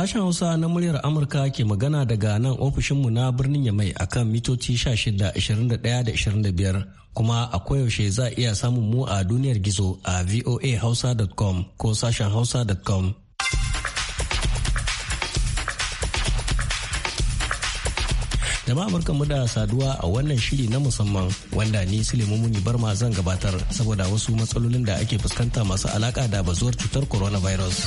Sashen Hausa na muryar Amurka ke magana daga nan ofishinmu na birnin Yamai akan mitoci 16, 25 kuma a koyaushe za a iya samun mu a duniyar gizo a voahausa.com ko sashen hausa.com. Jama'a mu da saduwa a wannan shiri na musamman wanda ni Suleiman Muni Barma zan gabatar saboda wasu matsalolin da ake fuskanta masu alaka da bazuwar cutar coronavirus.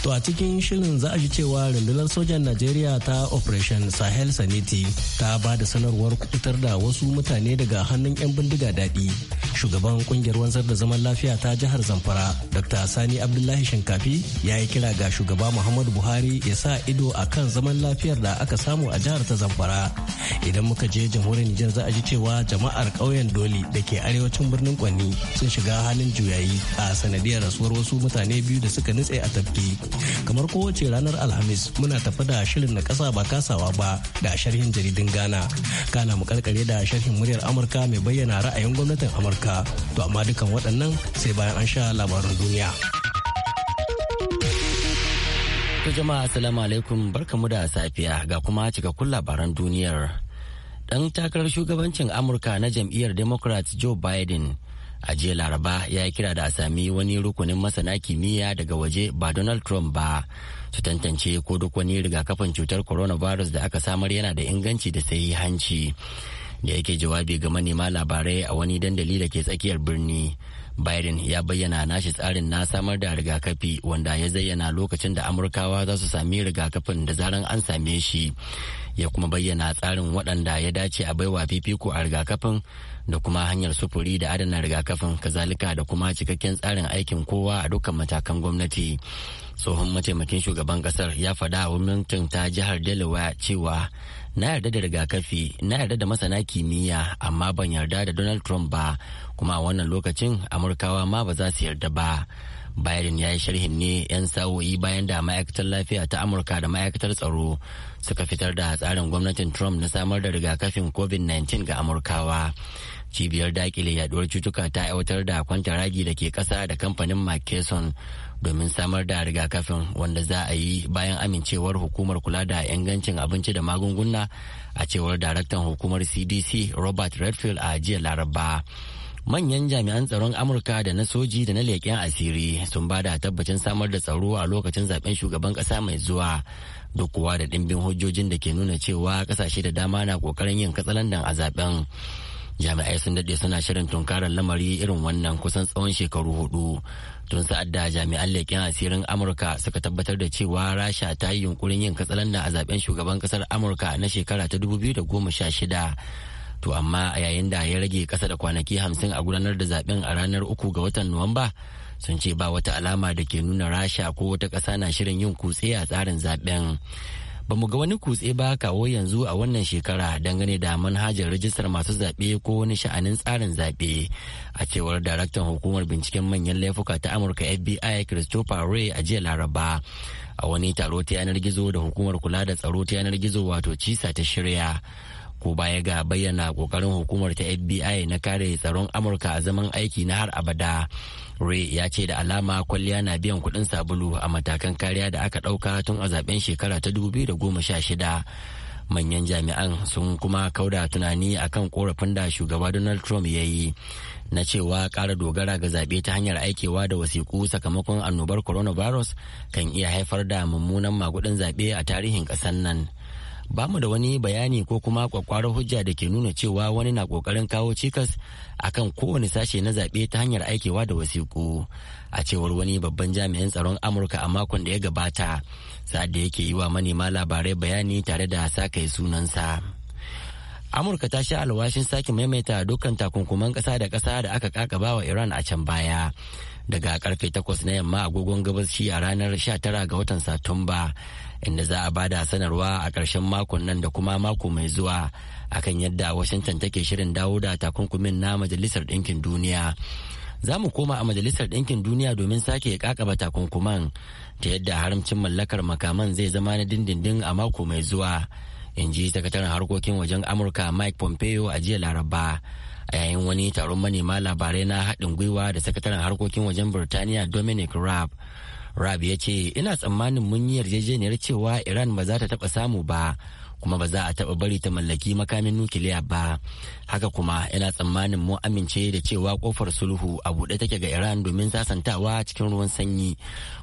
To a cikin shirin za a ji cewa rundunar sojan Najeriya ta Operation Sahel Saniti ta ba da sanarwar kutar da wasu mutane daga hannun 'yan bindiga daɗi. Shugaban ƙungiyar wanzar da zaman lafiya ta jihar Zamfara, Dr. Sani Abdullahi Shinkafi ya yi kira ga shugaba Muhammadu Buhari ya sa ido a kan zaman lafiyar da aka samu a jihar ta Zamfara. Idan muka je jamhuriyar Nijar za a ji cewa jama'ar ƙauyen Doli da ke arewacin birnin Kwanni sun shiga halin juyayi a sanadiyar rasuwar wasu mutane biyu da suka nutse a tafki. kamar kowace ranar alhamis muna tafi da shirin na kasa ba kasawa ba da sharhin jaridin ghana kana mu karkare da sharhin muryar amurka mai bayyana ra'ayin gwamnatin amurka to amma dukan waɗannan sai bayan an sha labaran duniya to jama'a assalamu alaikum barkamu da safiya ga kuma cikakkun labaran duniyar dan takarar shugabancin amurka na jam'iyyar democrat joe biden a jiya laraba ya yi kira da a sami wani rukunin masana kimiyya daga waje ba donald trump ba su tantance ko duk wani rigakafin cutar coronavirus da aka samar yana da inganci da hanci da yake jawabi ga manema labarai a wani dandali da ke tsakiyar birni biden ya bayyana nashi tsarin na samar da rigakafi wanda ya zayyana lokacin da amurkawa za su sami rigakafin da zaran an same shi ya kuma bayyana tsarin waɗanda ya dace a baiwa fifiko a rigakafin da kuma hanyar sufuri da adana rigakafin kazalika da kuma cikakken tsarin aikin kowa a dukkan matakan gwamnati tsohon mataimakin shugaban kasar ya fada a wilmington ta jihar delaware cewa na yarda da rigakafi na yarda da masana kimiyya amma ban yarda da donald trump ba kuma a wannan lokacin amurkawa ma ba za su yarda ba Biden ya yi sharhin ne 'yan sa'o'i bayan da ma'aikatar lafiya ta Amurka da ma'aikatar tsaro suka fitar da tsarin gwamnatin Trump na samar da rigakafin COVID-19 ga Amurkawa. Cibiyar dakile yaduwar cutuka ta aiwatar da kwantaragi da ke kasa da kamfanin McKesson domin samar da rigakafin wanda za a yi bayan amincewar hukumar kula da ingancin abinci da magunguna a cewar daraktan hukumar CDC Robert Redfield a jiya Laraba. manyan jami'an tsaron amurka da na soji da na leƙen asiri sun ba da tabbacin samar da tsaro a lokacin zaben shugaban ƙasa mai zuwa duk kuwa da ɗimbin hujjojin da ke nuna cewa ƙasashe da dama na kokarin yin katsalandan a zaben jami'ai sun daɗe suna shirin tunkarar lamari irin wannan kusan tsawon shekaru hudu tun sa'ad da jami'an leƙen asirin amurka suka tabbatar da cewa rasha ta yi yunkurin yin katsalandan a zaben shugaban ƙasar amurka na shekara ta 2016 to amma yayin da ya rage kasa da kwanaki hamsin a gudanar da zaben a ranar uku ga watan nuwamba sun ce ba wata alama da ke nuna rasha ko wata ƙasa na shirin yin kutse a tsarin zaben ba mu ga wani kutse ba kawo yanzu a wannan shekara dangane da manhajar rajistar masu zaɓe ko wani sha'anin tsarin zaɓe a cewar daraktan hukumar binciken manyan laifuka ta amurka fbi christopher ray a jiya laraba a wani taro ta yanar gizo da hukumar kula da tsaro ta yanar gizo wato cisa ta shirya ko baya ga bayyana kokarin hukumar ta fbi na kare tsaron amurka a zaman aiki na har abada ray ya ce da alama kwalliya na biyan kuɗin sabulu a matakan kariya da aka ɗauka tun a zaben shekara ta 2016 manyan jami'an sun kuma kauda tunani akan korafin da shugaba donald trump ya yi na cewa kara dogara ga zaɓe ta hanyar aikewa da wasiƙu sakamakon annobar coronavirus kan iya haifar da mummunan magudin zaɓe a tarihin ƙasar nan. ba mu da wani bayani ko kuma kwakwarar hujja da ke nuna cewa wani na kokarin kawo cikas akan kowane sashe na zaɓe ta hanyar aikewa da wasiƙu a cewar wani babban jami'in tsaron amurka a makon da ya gabata sa'ad da yake yi wa manema labarai bayani tare da sakai sunansa amurka ta sha alwashin sake maimaita dukkan takunkuman ƙasa da ƙasa da aka kakaba wa iran a can baya daga karfe 8 na yamma agogon gabashi a ranar 19 ga watan Satumba inda za a bada sanarwa a ƙarshen makon nan da kuma mako mai zuwa akan yadda Washington take shirin dawo da takunkumin na Majalisar Ɗinkin Duniya. Za mu koma a Majalisar Ɗinkin Duniya domin sake kakaba takunkuman ta yadda haramcin mallakar makaman zai zama na dindindin a mako mai zuwa. In ji sakataren harkokin wajen Amurka Mike Pompeo a jiya Laraba. a yayin wani taron manema labarai na haɗin gwiwa da sakataren harkokin wajen Birtaniya Dominic rab rab ya ce ina tsammanin mun yi yarjejeniyar cewa Iran ba za ta taɓa samu ba kuma ba za a taɓa bari ta mallaki makamin nukiliya ba haka kuma ina tsammanin mu amince da cewa kofar sulhu a buɗe take ga Iran domin sasantawa cikin ruwan sanyi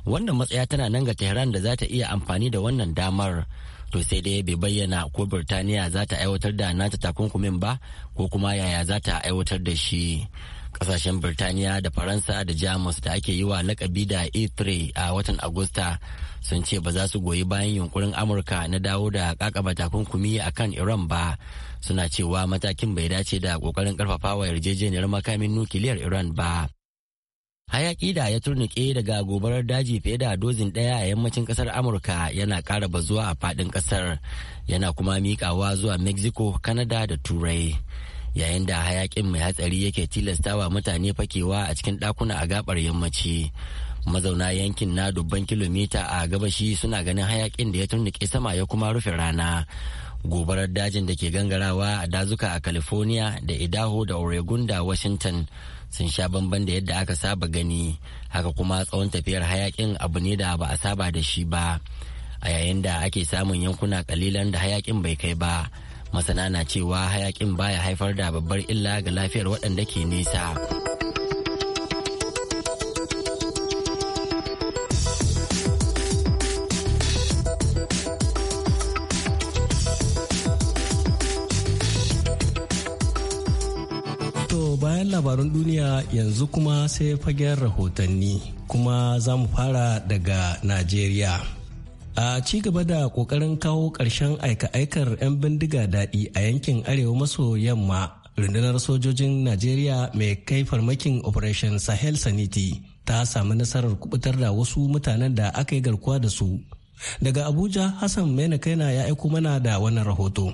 wannan matsaya tana nan ga Tehran da za ta iya amfani da wannan damar. to sai dai bai bayyana ko birtaniya za ta aiwatar da nata takunkumin ba ko kuma yaya za ta aiwatar da shi kasashen birtaniya da faransa da jamus da ake yi wa lakabi da e3 a watan agusta sun ce ba za su goyi bayan yunkurin amurka na dawo da kakaba takunkumi a kan iran ba suna cewa matakin bai dace da kokarin karfafa wa yarjejeniyar makamin nukiliyar iran ba Hayaƙi da ya turnuƙe daga gobarar daji fiye da dozin ɗaya a yammacin ƙasar Amurka yana ƙara bazuwa a faɗin ƙasar yana kuma miƙawa zuwa Mexico, Canada da Turai. Yayin da hayaƙin mai hatsari yake tilastawa mutane fakewa a cikin ɗakuna a gabar yammaci. Mazauna yankin na dubban kilomita a gabashi suna ganin hayaƙin da ya turnuƙe sama ya kuma rufe rana. Gobarar dajin da ke gangarawa a dazuka a California da Idaho da Oregon da Washington. sun sha bamban da yadda aka saba gani haka kuma tsawon tafiyar hayakin abu ne da ba a saba da shi ba a yayin da ake samun yankuna kalilan da hayakin bai kai ba masana na cewa hayakin baya haifar da babbar illa ga lafiyar waɗanda ke nesa. labaran duniya yanzu kuma sai fagen rahotanni kuma za mu fara daga Najeriya. A ci gaba da ƙoƙarin kawo ƙarshen aika-aikar 'yan bindiga daɗi a yankin arewa maso yamma rundunar sojojin Najeriya mai kai farmakin Operation Sahel Saniti, ta samu nasarar kubutar da wasu mutanen da aka yi garkuwa da su. Daga Abuja, Hassan Maina Kaina ya aiko mana da wannan rahoto.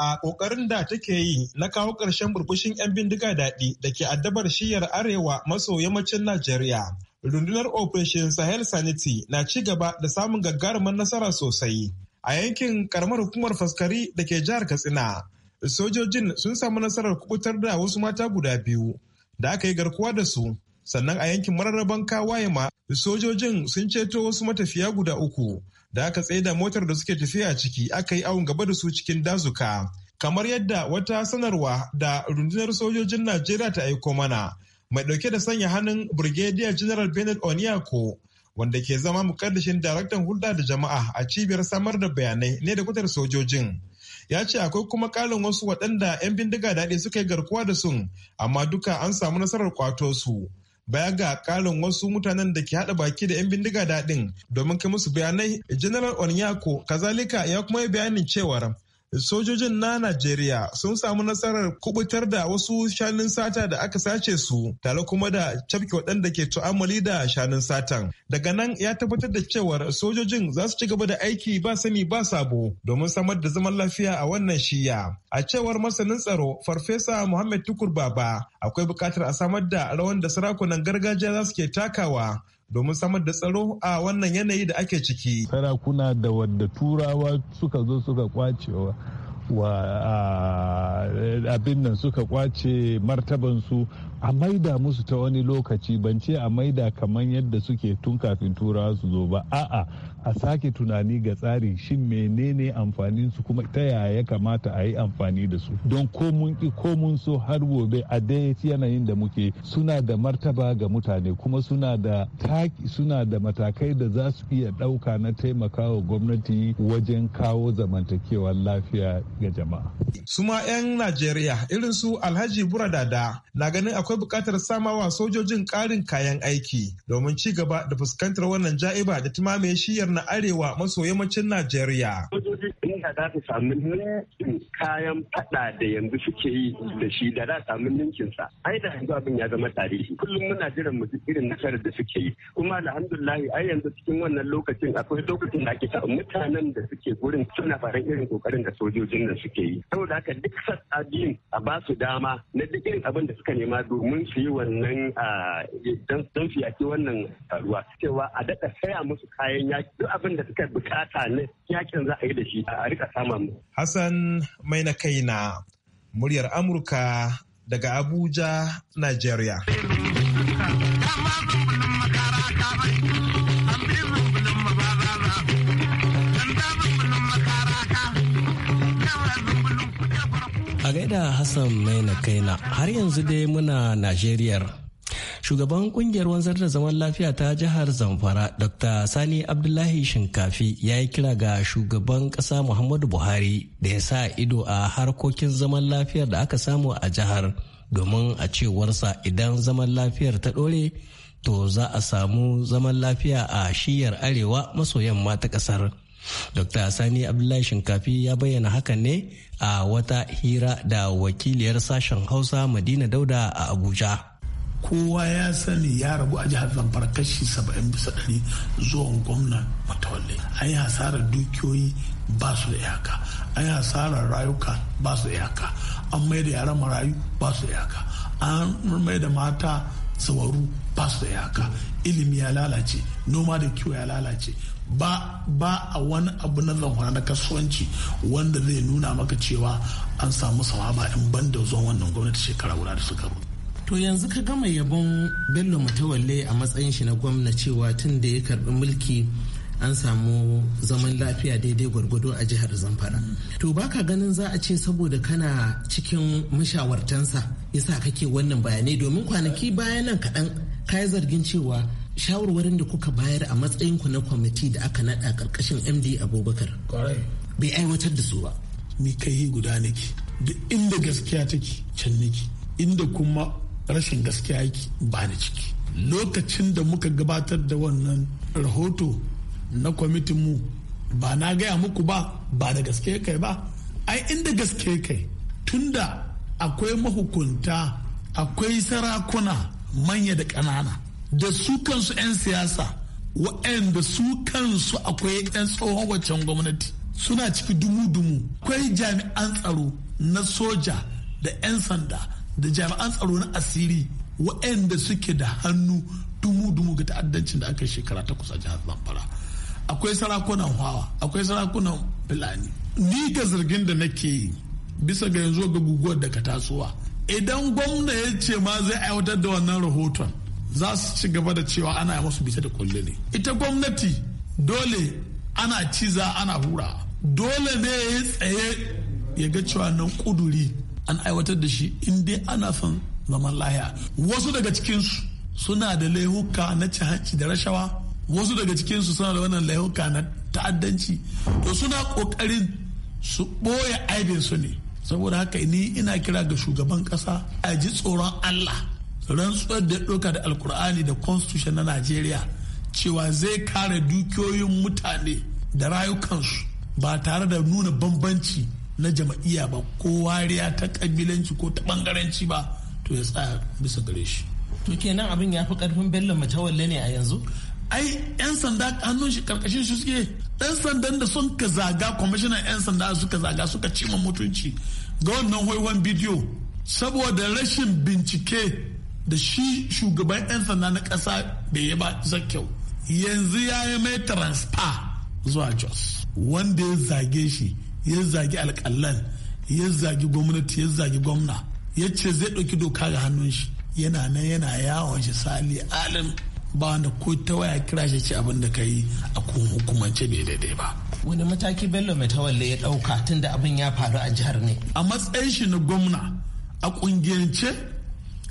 a kokarin da take yi na kawo ƙarshen burbushin 'yan bindiga daɗi da ke addabar shiyar arewa maso yammacin Najeriya. Rundunar Operation Sahel Sanity na ci gaba da samun gagarumar nasara sosai a yankin karamar hukumar faskari da ke jihar Katsina. Sojojin sun samu nasarar kubutar da wasu mata guda biyu da aka yi garkuwa da su sannan a yankin mararraban kawaye ma sojojin sun ceto wasu matafiya guda uku da aka tsaye da motar da suke tafiya ciki aka yi awon gaba da su cikin dazuka kamar yadda wata sanarwa da rundunar sojojin najeriya ta aiko mana mai dauke da sanya hannun brigadier general bernard Oniyako, wanda ke zama mukaddashin daraktan hulɗa da jama'a a cibiyar samar da bayanai ne da kutar sojojin ya ce akwai kuma kalin wasu waɗanda 'yan bindiga daɗi suka yi garkuwa da sun amma duka an samu nasarar kwato su baya ga karin wasu mutanen da ke hada baki da 'yan bindiga daɗin domin kai musu bayanai general onyako kazalika ya kuma yi bayanin cewar sojojin na Najeriya sun samu nasarar kubutar da wasu shanun sata da aka sace su tare kuma da cafke waɗanda ke tu'amali da shanun satan. Daga nan ya tabbatar da cewar sojojin za su ci gaba da aiki ba sani ba sabo domin samar da zaman lafiya a wannan shiya. A cewar masanin tsaro Farfesa Muhammad Tukur Baba akwai buƙatar a samar da rawan da sarakunan gargajiya za su ke takawa domin samar da tsaro a wannan yanayi da ake ciki. Sarakuna da wadda turawa suka zo suka kwacewa wa abin nan suka kwace martabansu a maida musu ta wani lokaci ban ce a maida kamar yadda suke tun kafin turawa su zo ba a'a a sake tunani ga tsari shin menene amfanin su kuma ta yaya ya kamata a yi amfani da su don komun mun ki komun so har gobe a dai yanayin da muke suna da martaba ga mutane kuma suna da taki suna da matakai da za su iya ɗauka na taimakawa gwamnati wajen kawo zamantakewa lafiya ga jama'a. su ma 'yan najeriya irin su alhaji buradada na ganin akwai buƙatar samawa sojojin ƙarin kayan aiki domin ci gaba da fuskantar wannan ja'iba da tumame shiyar na arewa maso yammacin Najeriya. najeriya za ta samu ninkin kayan fada da yanzu suke yi da shi da za samu ninkinsa ai da yanzu abin ya zama tarihi kullum muna jiran mu irin nasarar da suke yi kuma alhamdulillah ai yanzu cikin wannan lokacin akwai lokacin da ake sa mutanen da suke gurin suna faran irin kokarin da sojojin da suke yi saboda haka duk sassa a ba su dama na duk irin abin da suka nema domin su yi wannan don su yaki wannan taruwa. cewa a daɗa saya musu kayan yaki duk abin da suka bukata na yakin za a yi da shi a rika mu. Hassan mai na kaina muryar Amurka daga Abuja, Nigeria. A gaida Hassan Mainakai na kaina har yanzu dai muna Najeriyar. shugaban kungiyar wanzar da zaman lafiya ta jihar zamfara dr sani abdullahi shinkafi ya yi kira ga shugaban kasa muhammadu buhari da ya sa ido a harkokin zaman lafiyar da aka samu a jihar domin a cewarsa idan zaman lafiyar ta ɗore to za a samu zaman lafiya a shiyar arewa maso yamma ta ƙasar. Dr. Sani Abdullahi Shinkafi ya bayyana hakan ne a wata hira da wakiliyar sashen Hausa Madina Dauda a Abuja. kowa ya sani ya rabu a jihar zamfara kashi 70 bisa ɗari zuwan gwamna matawalle an yi hasarar dukiyoyi ba su da iyaka an yi hasarar rayuka ba su da iyaka an mai da yaran marayu ba su da iyaka an mai da mata tsawaru ba su da iyaka ilimi ya lalace noma da kiwo ya lalace ba ba a wani abu na zamfara na kasuwanci wanda zai nuna maka cewa an samu sawaba in banda zuwan wannan gwamnati shekara guda da suka rubuta To yanzu ka gama yabon Bello Matawalle a matsayin shi na gwamna cewa tun da ya karbi mulki an samu zaman lafiya daidai gwargwado a jihar Zamfara. To baka ganin za a ce saboda kana cikin mashawartansa yasa kake wannan bayanai domin kwanaki baya nan kaɗan kayi zargin cewa shawarwarin da kuka bayar a matsayinku na kwamiti da aka naɗa ƙarƙashin MD Abubakar. Bai aiwatar da su ba. Ni kai guda nake. Duk inda gaskiya take can nake. Inda kuma rashin gaskiya yake ba ni ciki lokacin da muka gabatar da wannan rahoto na kwamitin mu ba na gaya muku ba ba da gaske kai ba ai inda gaske kai tunda akwai mahukunta akwai sarakuna manya da ƙanana da su kansu 'yan siyasa waɗanda su kansu akwai 'yan tsohon waccan gwamnati suna ciki dumu-dumu akwai jami'an tsaro na soja da 'yan sanda da jami'an tsaro na asiri waɗanda suke da hannu dumu-dumu ga ta'addancin da aka shekara ta kusa jihar zamfara akwai sarakunan hawa akwai sarakunan fulani ni ga zargin da nake yi bisa ga yanzu ga guguwar da ka tasowa idan gwamna ya ce ma zai aiwatar da wannan rahoton za su ci gaba da cewa ana yi musu bisa da kulle ne ita gwamnati dole ana ciza ana hura dole ne ya tsaye ya ga cewa nan kuduri an aiwatar da shi in dai ana son zaman lahiya wasu daga cikinsu suna da laihuka na cihanci da rashawa wasu daga cikinsu suna da wannan laihuka na ta'addanci to suna kokarin su ɓoye aibinsu ne saboda haka ni ina kira ga shugaban ƙasa a ji tsoron allah rantsuwar da ɗauka da alkur'ani da constitution na najeriya cewa zai kare dukiyoyin mutane da rayukansu ba tare da nuna bambanci na jama'iyya ba ko wariya ta kabilanci ko ta bangaranci ba to ya tsaya bisa gare shi to kenan abin ya fi karfin bello matawalle ne a yanzu ai yan sanda hannun shi karkashin shi suke yan sandan da sun ka zaga kwamishinan yan sanda suka zaga suka cima mutunci ga wannan hoiwan bidiyo saboda rashin bincike da shi shugaban yan sanda na ƙasa bai yi ba kyau. yanzu ya yi mai transfer zuwa jos wanda ya zage shi ya zagi alƙallan ya zagi gwamnati ya zagi gwamna ya ce zai ɗauki doka ga hannun shi yana nan yana yawon shi sali alim ba wanda ko ta waya kira shi ce abin da ka yi a kun hukumance bai daidai ba. wani mataki bello mai tawalle ya ɗauka tun da abin ya faru a jihar ne. a matsayin shi na gwamna a ƙungiyance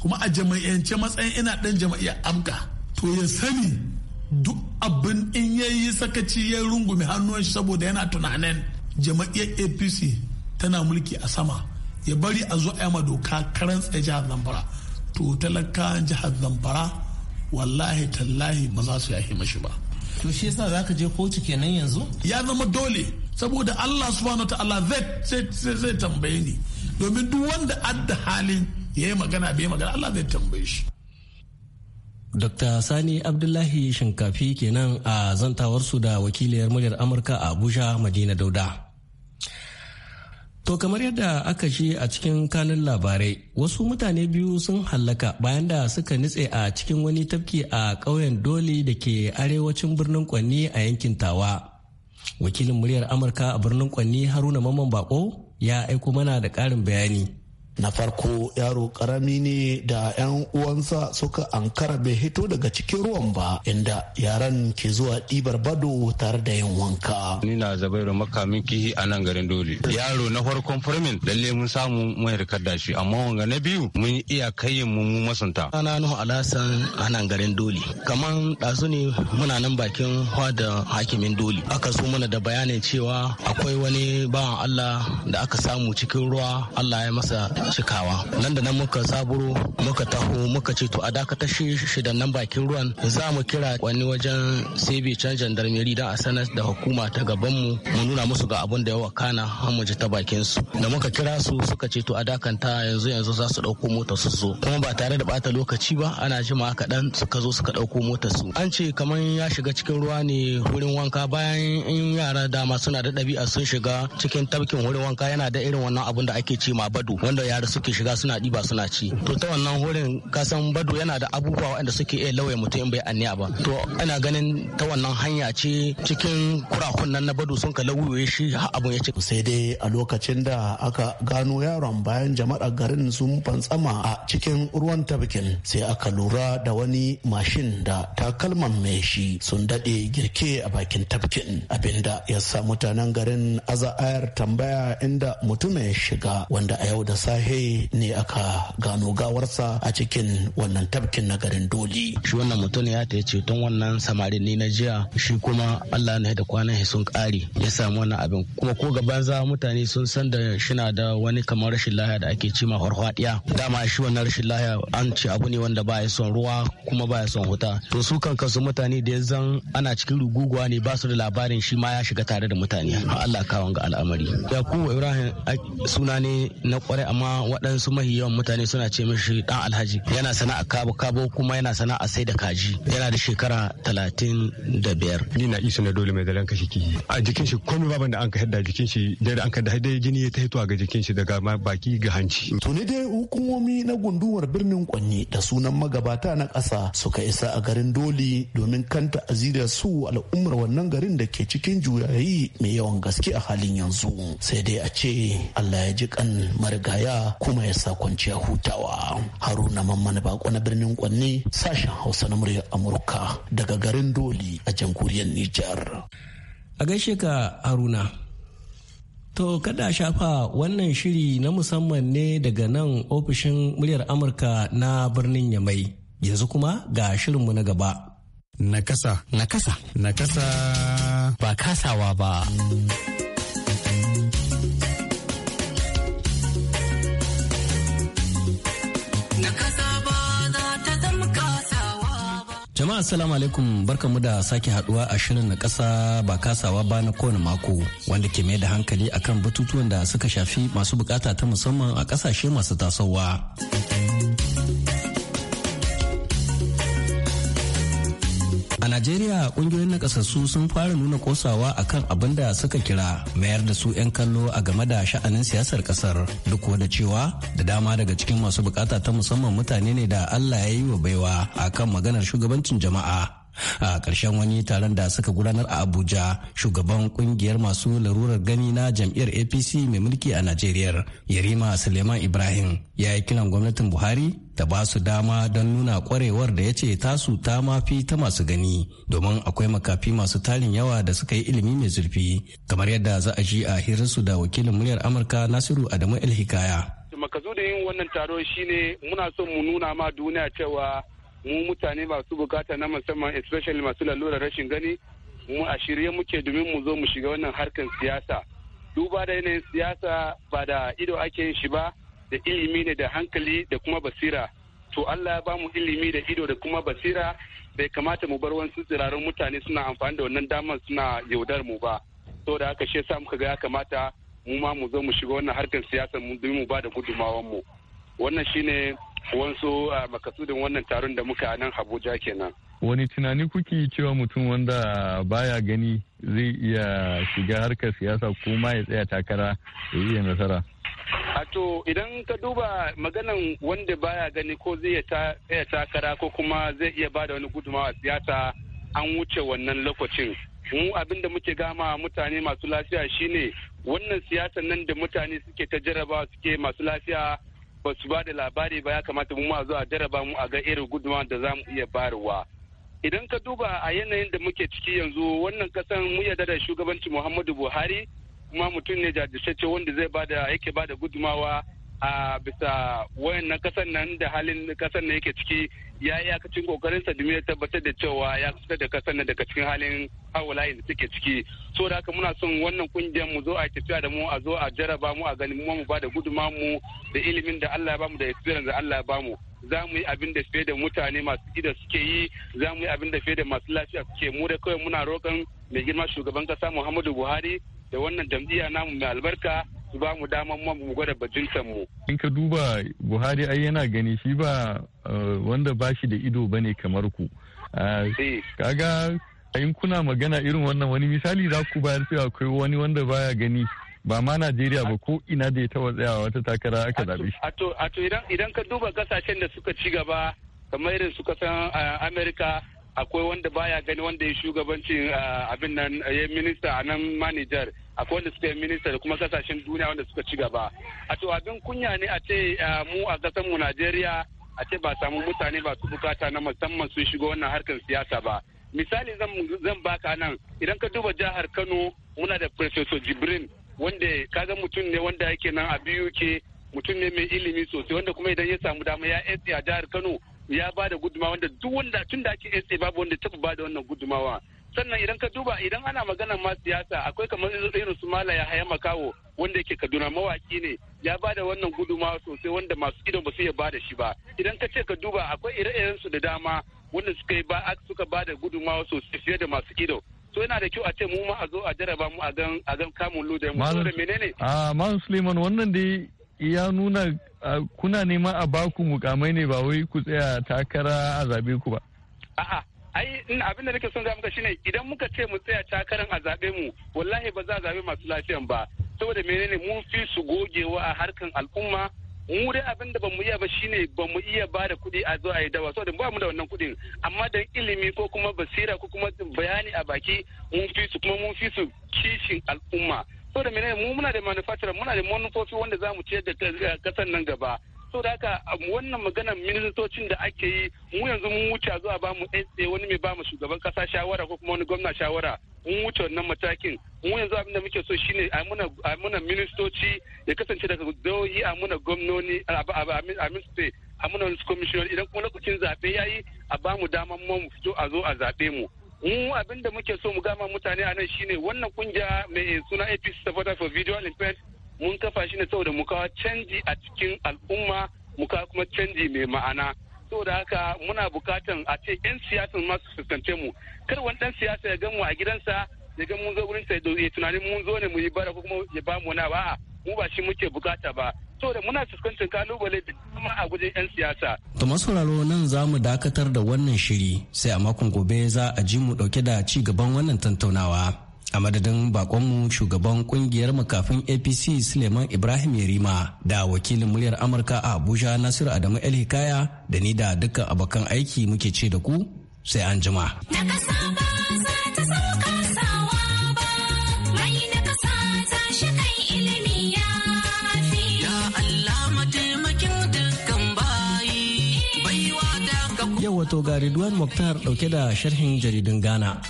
kuma a jama'iyyance matsayin ina ɗan jama'iyyar abga. to ya sani duk abin in ya yi sakaci ya rungume hannun shi saboda yana tunanin jama'iyyar apc tana mulki a sama ya bari a zo ma doka karan tsaye jihar zamfara to talaka jihar zamfara wallahi tallahi ba za su yahi mashi ba to shi yasa zaka je kotu kenan yanzu ya zama dole saboda Allah subhanahu ta'ala zai zai tambaye ni domin duk wanda adda halin ya yi magana bai magana Allah zai tambaye shi Dr. Sani Abdullahi Shinkafi kenan a zantawarsu da wakiliyar muryar Amurka a Abuja Madina Dauda. To kamar yadda aka shi a cikin kanun labarai, wasu mutane biyu sun hallaka bayan da suka nutse a cikin wani tafki a ƙauyen Doli da ke arewacin birnin Kwanni a yankin Tawa. Wakilin muryar Amurka a birnin Kwanni Haruna Mamman Bako ya aiko mana da ƙarin bayani. na farko yaro karami ne da 'yan uwansa suka ankara bai hito daga cikin ruwan ba inda yaran ke zuwa ɗibar bado tare da yin wanka ni na zabairu makamin kihi a nan garin dole yaro na farkon firmin lalle mun samu mun rikar da shi amma wanga na biyu mun iya kayin mu masunta ana nuhu alasan a nan garin dole Kamar ɗazu ne muna nan bakin da hakimin dole aka so mana da bayanin cewa akwai wani bawan allah da aka samu cikin ruwa allah ya masa cikawa nan da nan muka zaburo muka taho muka ce to a dakatar shi da nan bakin ruwan za mu kira wani wajen sebe can jandarmeri don a sanar da hukuma ta gaban mu mu nuna musu ga abin da ya wakana har mu ji ta bakin su da muka kira su suka ce to a dakanta yanzu yanzu za su dauko mota su zo kuma ba tare da bata lokaci ba ana jima kaɗan suka zo suka dauko motar su an ce kamar ya shiga cikin ruwa ne wurin wanka bayan in yara dama suna da ɗabi'a sun shiga cikin tafkin wurin wanka yana da irin wannan abin da ake ce ma bado wanda ya yara suke shiga suna ɗiba suna ci to ta wannan horin kasan bado yana da abubuwa waɗanda suke iya lauya mutum in bai anniya ba to ana ganin ta wannan hanya ce cikin kurakun nan na bado sun ka lauyoye shi abun ya ce sai dai a lokacin da aka gano yaron bayan jama'a garin sun fantsama a cikin ruwan tabkin sai aka lura da wani mashin da takalman mai shi sun daɗe girke a bakin tafkin abinda ya sa mutanen garin aza'ayar tambaya inda mutumin shiga wanda a yau da sa lahe ne aka gano gawarsa a cikin wannan tabkin na garin doli shi wannan mutum ya ta ceton wannan samarin ne na jiya shi kuma allah ne da kwanan sun kare ya samu wannan abin kuma ko gaban za mutane sun san da shina da wani kamar rashin lahiya da ake cima farfadiya dama shi wannan rashin lahiya an ce abu ne wanda ba ya son ruwa kuma ba ya son huta to su kan kasu mutane da ya zan ana cikin ruguguwa ne ba su da labarin shi ma ya shiga tare da mutane Allah kawon ga al'amari yakubu ibrahim suna ne na kwarai amma waɗansu mahi yawan mutane suna ce mishi dan alhaji yana sana'a kabo kabo kuma yana sana'a sai da kaji yana da shekara talatin da biyar ni na isa na dole mai daren kashe kihi a jikin shi komai baban da an ka hadda jikin shi da an ka hadda jini ya taito ga jikin shi daga baki ga hanci to ne dai hukumomi na gunduwar birnin kwanni da sunan magabata na kasa suka isa a garin doli domin kanta azira su al'ummar wannan garin da ke cikin juyayi mai yawan gaske a halin yanzu sai dai a ce allah ya ji kan marigaya kuma ya sa kwanciya hutawa haruna mamman bako na birnin kwanne sashen hausa na muryar amurka daga garin doli a jamhuriyar nijar a gaishe ka haruna to kada shafa wannan shiri na musamman ne daga nan ofishin muryar amurka na birnin yamai yanzu kuma ga shirinmu na gaba nakasa nakasa nakasa ba kasawa ba Jama'a salamu alaikum barkanmu da sake haduwa a shirin na kasa ba kasawa ba na kowane mako wanda ke mai da hankali akan batutuwan da suka shafi masu bukata ta musamman a kasashe masu tasowa. Najeriya kungiyoyin nakasassu sun fara nuna kosawa akan abin da suka kira mayar da su 'yan kallo a game da sha'anin siyasar kasar duk da cewa da dama daga cikin masu bukata ta musamman mutane ne da Allah ya yi wa baiwa akan maganar shugabancin jama'a a ƙarshen wani taron da suka gudanar a abuja shugaban kungiyar masu larurar gani na jam'iyyar apc mai mulki a najeriya yarima suleiman ibrahim ya yi kiran gwamnatin buhari ta ba su dama don nuna kwarewar da ya ce tasu ta mafi ta masu gani domin akwai makafi masu tarin yawa da suka yi ilimi mai zurfi kamar yadda za a ji a hirarsu da wakilin muryar amurka nasiru adamu el hikaya yin wannan taro shine muna son mu nuna ma duniya cewa mu mutane masu bukata na musamman especially masu lalurar rashin gani mu a shirye muke domin mu zo mu shiga wannan harkar siyasa duba da yanayin siyasa ba da ido ake yin shi ba da ilimi ne da hankali da kuma basira to Allah ya bamu ilimi da ido da kuma basira bai kamata mu bar wasu tsirarin mutane suna amfani da wannan damar suna yaudar mu ba to da aka shi yasa muka ga ya kamata mu ma mu zo mu shiga wannan harkar siyasa mu domin mu ba da gudunmawan mu wannan shine wansu a makasudin wannan taron da muka nan habuja kenan. Wani tunani kuke cewa mutum wanda baya gani zai iya shiga harkar siyasa ko ma ya tsaya takara ya iya nasara? A to idan ka duba maganan wanda baya gani ko zai iya takara ko kuma zai iya bada wani gudumawa siyasa an wuce wannan lokacin. Mu abin da muke gama mutane masu lafiya shine wannan siyasa nan da mutane suke ta jarabawa suke masu lafiya ba su ba da labari ba ya kamata mu ma zuwa jaraba mu a ga irin guduma da za mu iya bayarwa idan ka duba a yanayin da muke ciki yanzu wannan kasan mu yarda da shugabanci muhammadu buhari kuma mutum ne jajirtacce wanda zai bada yake bada gudumawa a bisa wayannan kasan nan da halin kasan nan yake ciki ya yi akacin kokarin sa domin ya tabbatar da cewa ya fitar da kasan nan daga cikin halin hawalayin da suke ciki so da haka muna son wannan kungiyar mu zo a tafiya da mu a zo a jaraba mu a gani mu mu ba da guduma mu da ilimin da Allah ya bamu da experience da Allah ya bamu za mu yi abin da fiye da mutane masu gida suke yi za mu yi abin da fiye da masu lafiya suke mu da kawai muna roƙon mai girma shugaban kasa Muhammadu Buhari da wannan jam'iyya namu mai albarka su ba mu daman mu gwada bajintan mu. In ka duba Buhari ai yana gani shi ba eh, wanda ba shi da ido ba ne kamar ku. Ah, eh. Kaga in kuna magana irin wannan wani misali za ku bayar cewa akwai wani wanda baya gani ba ma Najeriya ba ko ina da ya taɓa tsayawa wata takara aka zabe shi. Ato idan ka duba kasashen da suka ci gaba kamar irin su kasan eh, Amerika akwai wanda baya gani wanda ya shugabancin abin nan ya minista a nan manijar akwai wanda suka yi minista da kuma kasashen duniya wanda suka ci gaba a to abin kunya ne a ce mu a kasar mu Najeriya a ce ba samu mutane ba su bukata na musamman su shiga wannan harkar siyasa ba misali zan baka nan idan ka duba jihar Kano muna da Professor Jibrin wanda kaga mutum ne wanda yake nan a biyu ke mutum ne mai ilimi sosai wanda kuma idan ya samu dama ya SA a jihar Kano ya ba da gudumawa wanda duk wanda tun da ake SA babu wanda taɓa ba da wannan gudumawa. Sannan idan ka duba idan ana magana ma siyasa akwai kamar irin su Mala ya haya makawo wanda yake Kaduna mawaki ne ya ba da wannan gudumawa sosai wanda masu idon ba su iya ba da shi ba. Idan ka ce ka duba akwai ire-iren su da dama wanda suka yi ba suka ba da gudumawa sosai fiye da masu ido. so yana da kyau a ce mu ma a zo a jaraba mu a gan kamun luda mu da menene a ah, man suleiman wannan dai ya nuna kuna nema a baku mukamai ne ba wai ku tsaya takara a zabe ku ba. A'a, ai in abin da nake son ga muka shine idan muka ce mu tsaya takaran a zabe mu wallahi ba za a zabe masu lafiyan ba saboda menene mun fi su gogewa a harkan al'umma mu dai abin da bamu iya ba shine bamu iya ba da kuɗi a zo a yi dawa saboda ba mu da wannan kuɗin amma dan ilimi ko kuma basira ko kuma bayani a baki mun fi su kuma mun fi su kishin al'umma so da menene mu muna da manufacturer muna da manufofi wanda za mu ciyar da kasan nan gaba so da haka um, wannan maganar ministocin da ake yi mu yanzu mun wuce zuwa ba mu tsaye wani mai ba mu shugaban kasa shawara ko kuma wani gwamna shawara mun wuce wannan matakin mu yanzu abin da muke so shine a muna ministoci ya kasance daga jihohi a muna gwamnoni a ministry a muna wani idan kuma lokacin zaɓe ya yi a ba mu damar mu fito a zo a zaɓe mu mu abin da muke so mu gama mutane a nan shine wannan kungiya mai suna apc supporter for video Olympics mun kafa shi ne saboda mu kawo canji a cikin al'umma mu kawo kuma canji mai ma'ana saboda haka muna bukatan a ce 'yan siyasan masu fuskance mu kar wani dan siyasa ya gan mu a gidansa ya gan mun zo wurin sa ya tunanin mun zo ne mu yi bara ko kuma ya ba mu wani ba mu ba shi muke bukata ba saboda muna fuskantar kalubale da kuma a gudun 'yan siyasa. To sauraro nan za mu dakatar da wannan shiri sai a makon gobe za a ji mu dauke da ci gaban wannan tantaunawa. A madadin bakonmu shugaban kungiyar makafin APC Suleiman Ibrahim Yarima da wakilin muryar Amurka a Abuja Nasiru Adamu El Hikaya da ni da dukkan abokan aiki muke ce da ku sai an jima. to ga Ridwan Mukhtar dauke da sharhin jaridun Ghana.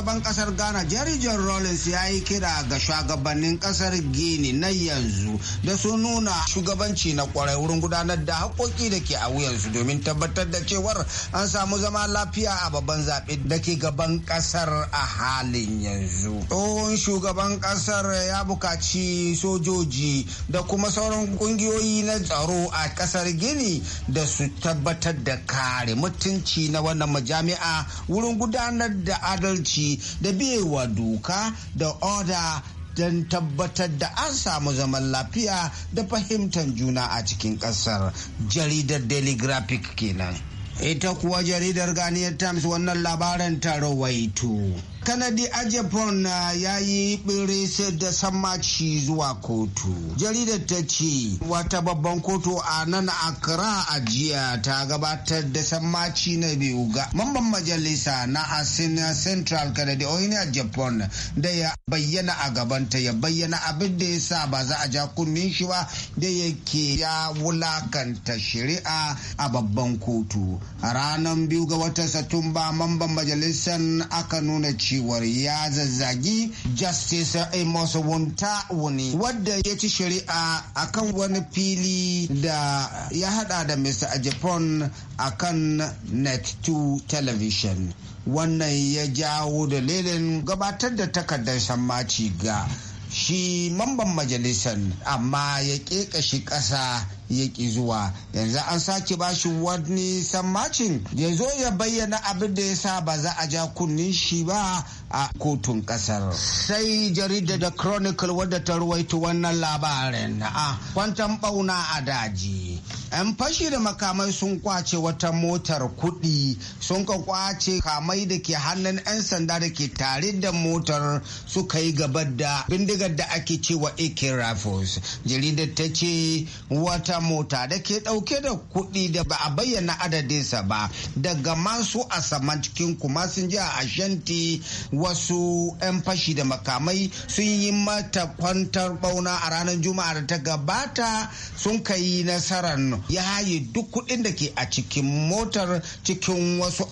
shugaban kasar ghana jerry john rawlings ya yi kira ga shugabannin kasar gini na yanzu da su nuna shugabanci na kwarai wurin gudanar da haƙoƙi da ke a wuyansu domin tabbatar da cewar an samu zama lafiya a babban zaɓe da ke gaban kasar a halin yanzu tsohon shugaban kasar ya bukaci sojoji da kuma sauran ƙungiyoyi na tsaro a kasar gini da su tabbatar da kare mutunci na wannan majami'a wurin gudanar da adalci da da biyewa doka da oda don tabbatar da an samu zaman lafiya da fahimtar juna a cikin kasar jaridar daily graphic kenan ita kuwa jaridar ganiyar times wannan labarin ta rawaito kanadi Ajebon uh, ya yi ɓire da samaci zuwa kotu. Jaridar ta ce wata babban kotu a nan akra a jiya ta gabatar da samaci na biyu ga mamban majalisa na Asina uh, Central Kennedy Oyini japan da ya bayyana a gabanta ya bayyana abin da ya sa ba za a ja kunnin shi ba da yake ya wulakanta shari'a a babban kotu. ranar biyu ga watan Satumba mamban majalisan aka nuna cewa cewar ya zazzagi justice amos wunta wuni wadda ya ci shari'a akan wani fili da ya hada da mr japan akan net 2 television wannan ya jawo dalilin gabatar da takardar shammaci ga shi mamban majalisar amma ya kekashi ƙasa ya zuwa yanzu an sake bashi wani sammacin ya zo ya bayyana abin da ya sa ba za a ja kunnin shi ba a kotun kasar sai jarida da chronicle wadda ta ruwaito wannan labarin a kwantan bauna a daji 'yan fashi da makamai sun kwace wata motar kuɗi sun ka kwace kamai da ke hannun 'yan sanda da ke tare da motar suka yi gaba da bindigar da ake cewa ak rifles jaridar ta ce wata mota da ke ɗauke da kuɗi da ba a bayyana adadinsa ba daga masu a saman cikin kuma sun ji a ashanti wasu 'yan fashi da makamai sun yi mata kwantar bauna a ranar juma'a da ta gabata sun yi nasarar hannu ya haye duk kuɗin da ke a cikin motar cikin wasu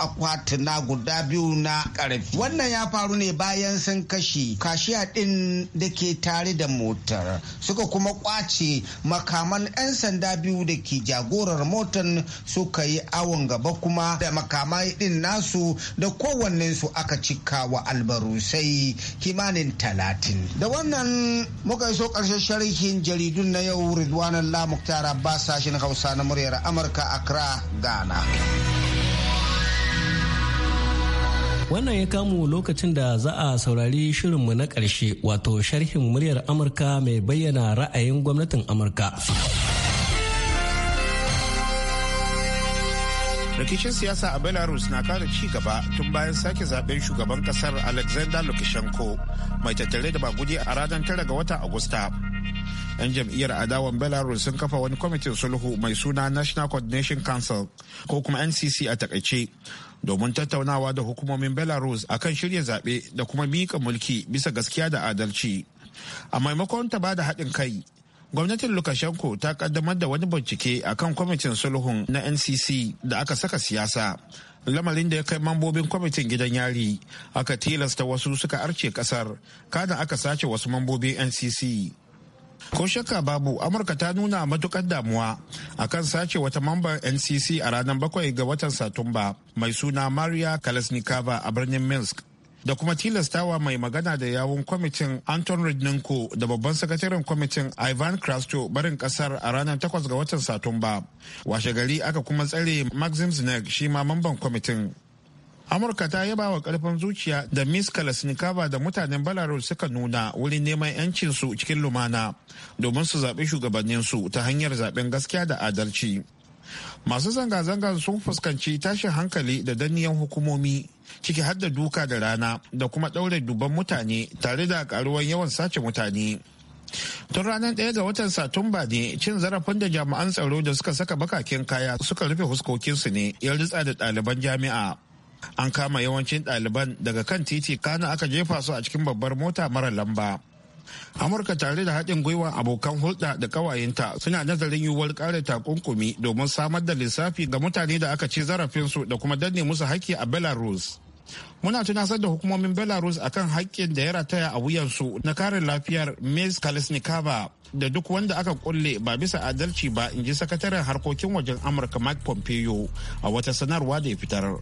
na guda biyu na ƙarfi wannan ya faru ne bayan sun kashe kashiya ɗin da ke tare da motar suka kuma kwace makaman 'yan sanda biyu da ke jagorar motar suka yi awon gaba kuma da makamai ɗin nasu da su aka cika wa albarusai kimanin talatin da wannan muka iso ƙarshen sharhin jaridun na yau ridwanan lamuktar abbas sashen sashen Hausa na muryar Amurka Accra, Ghana. Wannan ya kamu lokacin da za a saurari shirinmu na ƙarshe wato sharhin muryar Amurka mai bayyana ra'ayin gwamnatin Amurka. rikicin siyasa a belarus na kara ci gaba tun bayan sake zaben shugaban kasar alexander lukashenko mai tattare da bagudi a ranar 9 ga watan agusta 'yan jam'iyyar adawan belarus sun kafa wani kwamitin sulhu mai suna national coordination council ko kuma ncc a takaice domin tattaunawa da hukumomin belarus akan shirya zaɓe da kuma miƙa mulki bisa gaskiya da adalci a maimakon ta bada da haɗin kai gwamnatin lukashenko ta kaddamar da wani bincike akan kwamitin sulhun na ncc da aka saka siyasa lamarin da ya kai mambobin kwamitin gidan yari aka tilasta wasu suka arce kasar kada aka sace wasu mambobin ncc ko shakka babu amurka ta nuna matukar damuwa akan sace wata mamban ncc a ranar bakwai ga watan satumba mai suna maria kalasnikava a birnin minsk da kuma tilastawa mai magana da yawun kwamitin anton redninko da babban sakataren kwamitin ivan krasto barin kasar a ranar takwas ga watan satumba washe gari aka kuma tsare maxim zneg shi ma mamban kwamitin amurka ta yaba wa karfin zuciya da miss kalasnikava da mutanen belarus suka nuna wurin neman su cikin lumana domin su zaɓi su ta hanyar zaɓen gaskiya da adalci masu zanga-zanga sun fuskanci tashin hankali da danniyan hukumomi ciki har da duka da rana da kuma ɗaure dubban mutane tare da karuwan yawan sace mutane tun ranar ɗaya ga watan satumba ne cin zarafin da jami'an tsaro da suka saka bakakin kaya suka rufe huskokinsu ne ya ritsa da ɗaliban jami'a an kama yawancin ɗaliban daga kan titi kana aka jefa su a cikin babbar mota mara lamba amurka tare da haɗin gwiwa abokan hulɗa da ƙawayenta suna nazarin yiwuwar ƙara takunkumi domin samar da lissafi ga mutane da aka ci zarafinsu da kuma danne musu haƙƙi a belarus muna tunasar da hukumomin belarus akan haƙƙin da ya rataya a wuyansu na kare lafiyar ms kalisnikava da duk wanda aka kulle ba bisa adalci ba in ji sakataren harkokin wajen amurka mike pompeo a wata sanarwa da ya fitar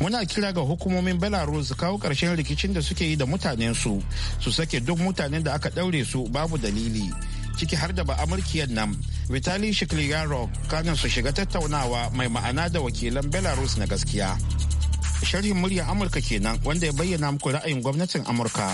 muna kira ga hukumomin belarus su kawo ƙarshen rikicin da suke yi da mutanensu su su sake duk mutanen da aka ɗaure su babu dalili ciki har da ba amurkiyar nan vitali shikligarov kanin su shiga tattaunawa mai ma'ana da wakilan belarus na gaskiya sharhin murya amurka kenan wanda ya bayyana muku ra'ayin gwamnatin amurka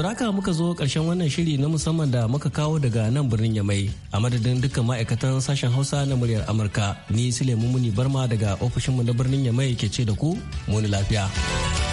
raka muka zo ƙarshen wannan shiri na musamman da muka kawo daga nan birnin Yamai a madadin dukkan ma'aikatan sashen Hausa na muryar Amurka ni Sulaimu Muni Barma daga ofishinmu na birnin Yamai ke ce da ku muni lafiya.